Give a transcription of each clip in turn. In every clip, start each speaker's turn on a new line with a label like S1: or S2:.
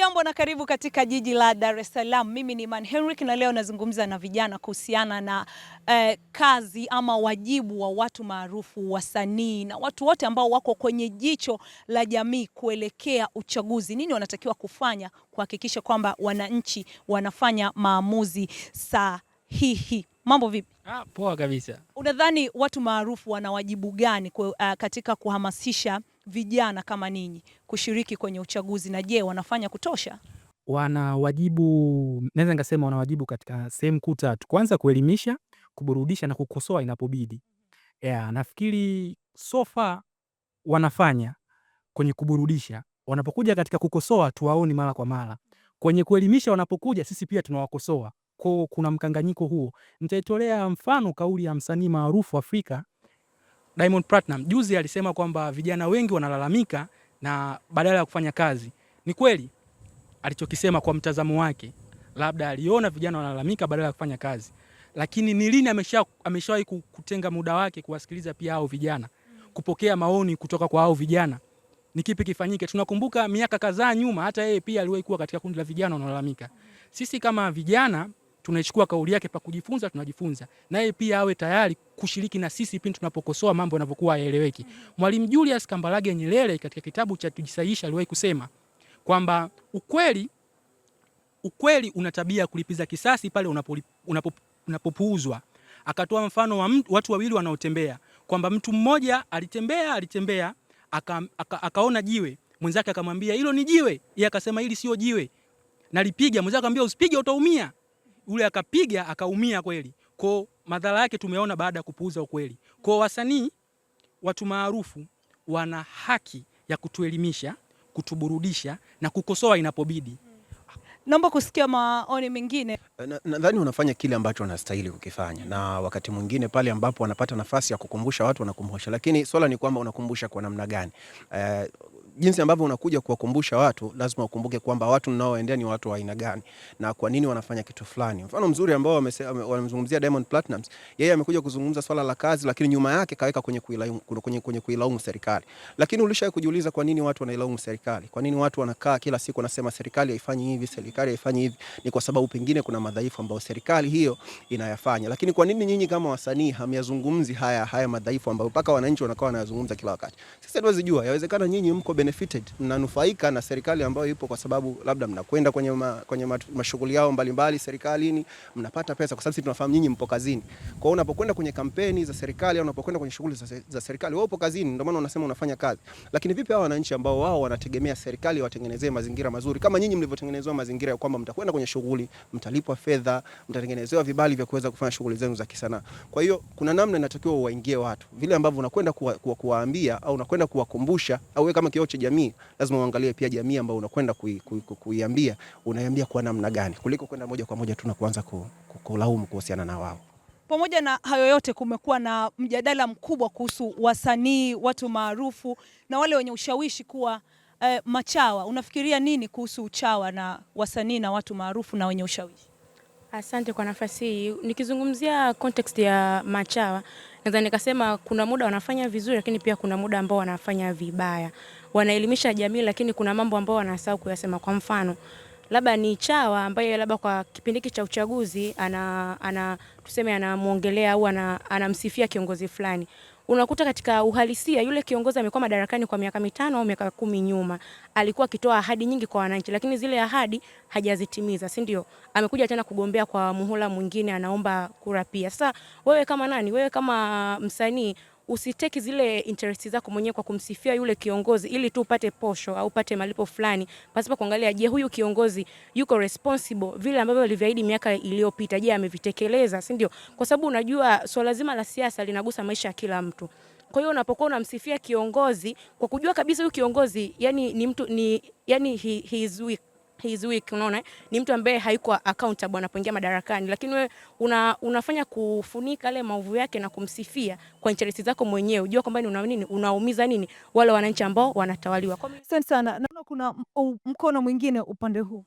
S1: Hujambo na karibu katika jiji la Dar es Salaam. Mimi ni Man Henrik na leo nazungumza na vijana kuhusiana na eh, kazi ama wajibu wa watu maarufu, wasanii na watu wote ambao wako kwenye jicho la jamii kuelekea uchaguzi. Nini wanatakiwa kufanya kuhakikisha kwamba wananchi wanafanya maamuzi sahihi? Mambo vipi?
S2: Ah, poa kabisa.
S1: Unadhani watu maarufu wana wajibu gani eh, katika kuhamasisha vijana kama ninyi kushiriki kwenye uchaguzi, na je, wanafanya kutosha?
S2: Wana wajibu, naweza nikasema wana wajibu katika sehemu kuu tatu. Kwanza, kuelimisha, kuburudisha na kukosoa inapobidi. Yeah, nafikiri sofa wanafanya kwenye kuburudisha. Wanapokuja katika kukosoa, tuwaoni mara kwa mara. Kwenye kuelimisha, wanapokuja sisi pia tunawakosoa ko kuna mkanganyiko huo. Nitaitolea mfano kauli ya msanii maarufu Afrika Diamond Platinum juzi alisema kwamba vijana wengi wanalalamika na badala ya kufanya kazi. Ni kweli alichokisema, kwa mtazamo wake labda aliona vijana wanalalamika badala ya kufanya kazi, lakini ni lini amesha ameshawahi kutenga muda wake kuwasikiliza pia hao vijana, kupokea maoni kutoka kwa hao vijana, ni kipi kifanyike? Tunakumbuka miaka kadhaa nyuma, hata yeye pia aliwahi kuwa katika kundi la vijana wanalalamika. Sisi kama vijana tunaichukua kauli yake pa kujifunza, tunajifunza naye pia awe tayari kushiriki na sisi pindi tunapokosoa mambo yanavyokuwa yaeleweki. Mwalimu Julius Kambarage Nyerere katika kitabu cha Tujisahihishe aliwahi kusema kwamba ukweli ukweli una tabia ya kulipiza kisasi pale unapopuuzwa. Akatoa mfano wa mtu, watu wawili wanaotembea kwamba mtu mmoja alitembea alitembea aka, aka, akaona jiwe mwenzake akamwambia hilo ni jiwe, yeye akasema hili sio jiwe, nalipiga. Mwenzake akamwambia usipige, utaumia yule akapiga akaumia kweli. Kwa madhara yake tumeona baada ya kupuuza ukweli. Kwa wasanii, watu maarufu wana haki ya kutuelimisha, kutuburudisha na kukosoa inapobidi.
S1: Naomba kusikia maoni mengine.
S3: Eh, nadhani na, wanafanya kile ambacho wanastahili kukifanya, na wakati mwingine pale ambapo wanapata nafasi ya kukumbusha watu wanakumbusha, lakini swala ni kwamba unakumbusha kwa namna gani? Eh, jinsi ambavyo unakuja kuwakumbusha watu, lazima ukumbuke kwamba watu ninaoendea ni watu wa aina gani na kwa nini wanafanya kitu fulani. Mfano mzuri ambao wamezungumzia Diamond Platnumz, yeye amekuja kuzungumza swala la kazi, lakini nyuma yake kaweka kwenye kuilaumu, kwenye, kwenye kuilaumu serikali. Lakini ulishawahi kujiuliza kwa nini watu wanailaumu serikali? Kwa nini watu wanakaa kila siku wanasema serikali haifanyi hivi, serikali haifanyi hivi? Ni kwa sababu pengine kuna madhaifu ambayo serikali hiyo inayafanya. Lakini kwa nini nyinyi kama wasanii hamyazungumzi haya haya madhaifu ambayo mpaka wananchi wanakuwa wanayazungumza kila wakati? Sisi hatuwezi jua, yawezekana nyinyi mko bene benefited, mnanufaika na serikali ambayo ipo, kwa sababu labda mnakwenda kwenye, ma, kwenye mashughuli yao mbalimbali serikalini, mnapata pesa, kwa sababu sisi tunafahamu nyinyi mpo kazini. Kwa hiyo unapokwenda kwenye kampeni za serikali au unapokwenda kwenye shughuli za, za serikali, wewe upo kazini, ndio maana unasema unafanya kazi. Lakini vipi hao wananchi ambao wao wanategemea serikali watengenezee mazingira mazuri kama nyinyi mlivyotengenezewa mazingira ya kwamba mtakwenda kwenye shughuli, mtalipwa fedha, mtatengenezewa vibali vya kuweza kufanya shughuli zenu za kisanaa. Kwa hiyo kuna namna inatakiwa uwaingie watu, vile ambavyo unakwenda kuwaambia kuwa, kuwa au unakwenda kuwakumbusha au wewe kama kioo jamii, lazima uangalie pia jamii ambayo unakwenda kuiambia, unaiambia kwa namna gani, kuliko kwenda moja kwa moja tu na kuanza kulaumu kuhusiana na wao.
S1: Pamoja na hayo yote, kumekuwa na mjadala mkubwa kuhusu wasanii, watu maarufu na wale wenye ushawishi kuwa eh, machawa. Unafikiria nini kuhusu uchawa na wasanii na watu maarufu na wenye ushawishi?
S4: Asante kwa nafasi hii. Nikizungumzia context ya machawa, naweza nikasema kuna muda wanafanya vizuri, lakini pia kuna muda ambao wanafanya vibaya. Wanaelimisha jamii, lakini kuna mambo ambao wanasahau kuyasema. Kwa mfano, labda ni chawa ambaye labda kwa kipindi hiki cha uchaguzi ana, ana tuseme anamwongelea au anamsifia ana kiongozi fulani unakuta katika uhalisia yule kiongozi amekuwa madarakani kwa miaka mitano au miaka kumi nyuma, alikuwa akitoa ahadi nyingi kwa wananchi, lakini zile ahadi hajazitimiza, si ndio? Amekuja tena kugombea kwa muhula mwingine, anaomba kura pia. Sasa wewe kama nani, wewe kama msanii usiteki zile interest zako mwenyewe kwa kumsifia yule kiongozi ili tu upate posho au upate malipo fulani, pasipo kuangalia, je, huyu kiongozi yuko responsible vile ambavyo alivyoahidi miaka iliyopita? Je, amevitekeleza, si ndio? Kwa sababu unajua swala so zima la siasa linagusa maisha ya kila mtu. Kwa hiyo unapokuwa unamsifia kiongozi kwa kujua kabisa huyu kiongozi yani ni mtu ni yani he, he is weak his week, unaona ni mtu ambaye haiko accountable anapoingia madarakani, lakini wewe una, unafanya kufunika yale maovu yake na kumsifia kwa interest zako mwenyewe. Unajua kwamba una nini, unaumiza nini wale wananchi ambao wanatawaliwa.
S1: Asante sana, naona kuna mkono mwingine upande huu.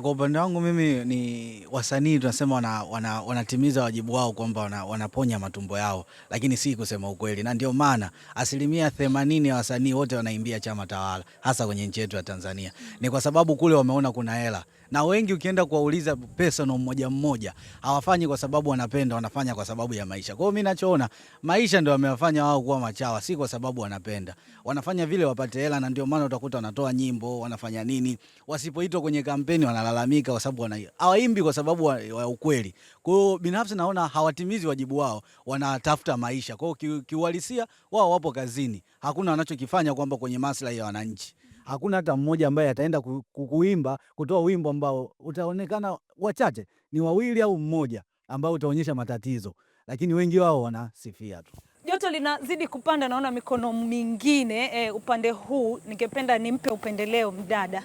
S3: Kwa upande wangu mimi ni wasanii tunasema wana, wana, wanatimiza wajibu wao kwamba wana, wanaponya matumbo yao, lakini si kusema ukweli, na ndio maana asilimia themanini ya wasanii wote wanaimbia chama tawala, hasa kwenye nchi yetu ya Tanzania ni kwa sababu kule wameona kuna hela na wengi ukienda kuwauliza personal mmoja mmoja hawafanyi kwa sababu wanapenda, wanafanya kwa sababu ya maisha. Kwa hiyo mimi nachoona maisha ndio yamewafanya wao kuwa machawa, si kwa sababu wanapenda. Wanafanya vile wapate hela, na ndio maana utakuta wanatoa nyimbo, wanafanya nini, wasipoitwa kwenye kampeni wanalalamika kwa sababu wana hawaimbi kwa sababu ya ukweli. Kwa hiyo binafsi naona hawatimizi wajibu wao, wanatafuta maisha. Kwa hiyo kiuhalisia wao wapo kazini, hakuna wanachokifanya kwamba kwenye maslahi ya wananchi hakuna hata mmoja ambaye ataenda kuimba kutoa wimbo ambao utaonekana, wachache ni wawili au mmoja ambao utaonyesha matatizo, lakini wengi wao wanasifia tu.
S1: Joto linazidi kupanda, naona mikono mingine e, upande huu. Ningependa nimpe upendeleo mdada.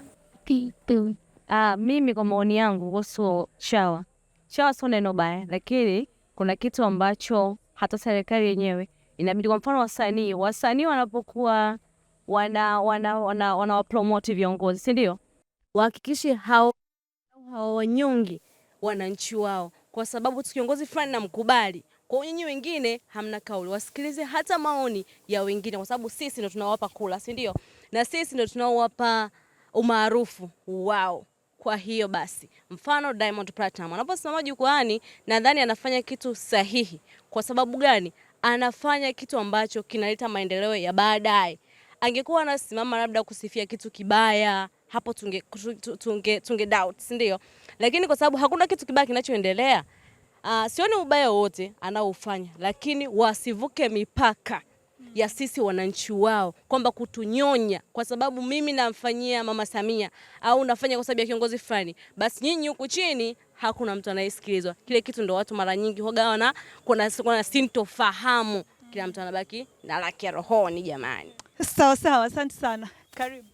S5: Ah, mimi kwa maoni yangu kuhusu shawa, shawa sio neno baya, lakini kuna kitu ambacho hata serikali yenyewe inabidi, kwa mfano wasanii, wasanii wanapokuwa wana wana wana wanawapromoti viongozi, si ndio?
S6: Wahakikishe hao hawawanyongi wananchi wao, kwa sababu kiongozi fulani namkubali kwa nyinyi wengine hamna kauli, wasikilize hata maoni ya wengine, kwa sababu sisi ndio tunawapa kula, si ndio? Na sisi ndio tunaowapa umaarufu wao. Kwa hiyo basi, mfano Diamond Platinum anaposimama jukwaani, nadhani anafanya kitu sahihi. Kwa sababu gani? Anafanya kitu ambacho kinaleta maendeleo ya baadaye angekuwa anasimama labda kusifia kitu kibaya hapo tunge, tunge, tunge doubt, si ndio? Lakini kwa sababu hakuna kitu kibaya kinachoendelea, uh, sioni ubaya wote anaofanya, lakini wasivuke mipaka ya sisi wananchi wao, kwamba kutunyonya kwa sababu mimi namfanyia mama Samia au nafanya kwa sababu ya kiongozi fulani, basi nyinyi huku chini hakuna mtu anayesikilizwa. Kile kitu ndo watu mara nyingi hogawana, kuna, kuna sintofahamu, kila mtu anabaki na laki ya rohoni jamani.
S1: Sawa sawa, asante sana, karibu.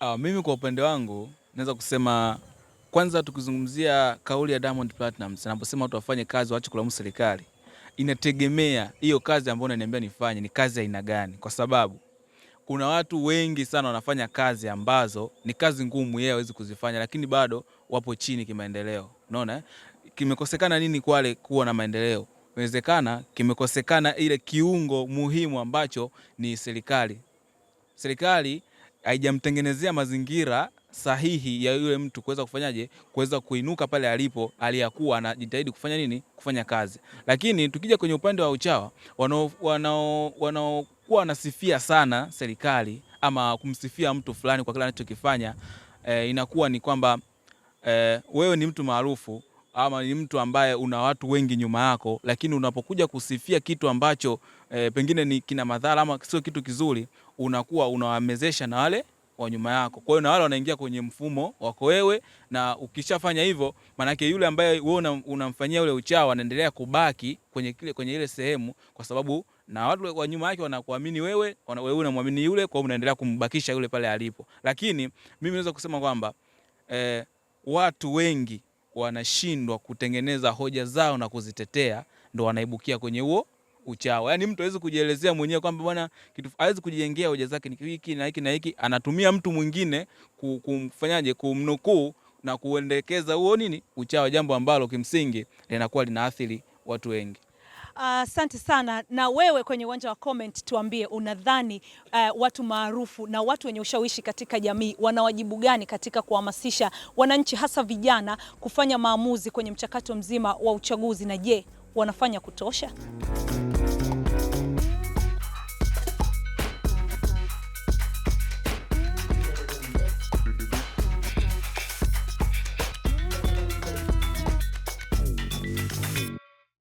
S7: Uh, mimi kwa upande wangu naweza kusema kwanza, tukizungumzia kauli ya Diamond Platnumz anaposema watu wafanye kazi, waache kulaumu serikali, inategemea hiyo kazi ambayo unaniambia nifanye ni kazi aina gani, kwa sababu kuna watu wengi sana wanafanya kazi ambazo ni kazi ngumu, yeye hawezi kuzifanya, lakini bado wapo chini kimaendeleo. Unaona, kimekosekana nini kwale kuwa na maendeleo? Inawezekana kimekosekana ile kiungo muhimu ambacho ni serikali serikali haijamtengenezea mazingira sahihi ya yule mtu kuweza kufanyaje, kuweza kuinuka pale alipo aliyakuwa anajitahidi kufanya nini, kufanya kazi. Lakini tukija kwenye upande wa Uchawa, wanaokuwa wanasifia sana serikali ama kumsifia mtu fulani kwa kile anachokifanya, e, inakuwa ni kwamba e, wewe ni mtu maarufu ama ni mtu ambaye una watu wengi nyuma yako, lakini unapokuja kusifia kitu ambacho e, pengine ni kina madhara ama sio kitu kizuri, unakuwa unawamezesha na wale wa nyuma yako. Kwa hiyo na wale wanaingia kwenye mfumo wako wewe, na ukishafanya hivyo, maanake yule ambaye wewe unamfanyia ule uchawi anaendelea kubaki kwenye kile kwenye ile sehemu, kwa sababu na watu wa nyuma yake wanakuamini wewe, wewe unamwamini yule, kwa hiyo unaendelea kumbakisha yule pale alipo. Lakini mimi naweza kusema kwamba e, watu wengi wanashindwa kutengeneza hoja zao na kuzitetea, ndo wanaibukia kwenye huo uchawi. Yaani mtu hawezi kujielezea mwenyewe kwamba bwana kitu hawezi kujijengea hoja zake ni hiki na hiki na hiki, anatumia mtu mwingine kumfanyaje, kumnukuu na kuendekeza huo nini uchawi, jambo ambalo kimsingi linakuwa linaathiri watu wengi.
S1: Ah, asante uh, sana. Na wewe kwenye uwanja wa comment tuambie, unadhani uh, watu maarufu na watu wenye ushawishi katika jamii wana wajibu gani katika kuhamasisha wananchi hasa vijana kufanya maamuzi kwenye mchakato mzima wa uchaguzi, na je, wanafanya kutosha?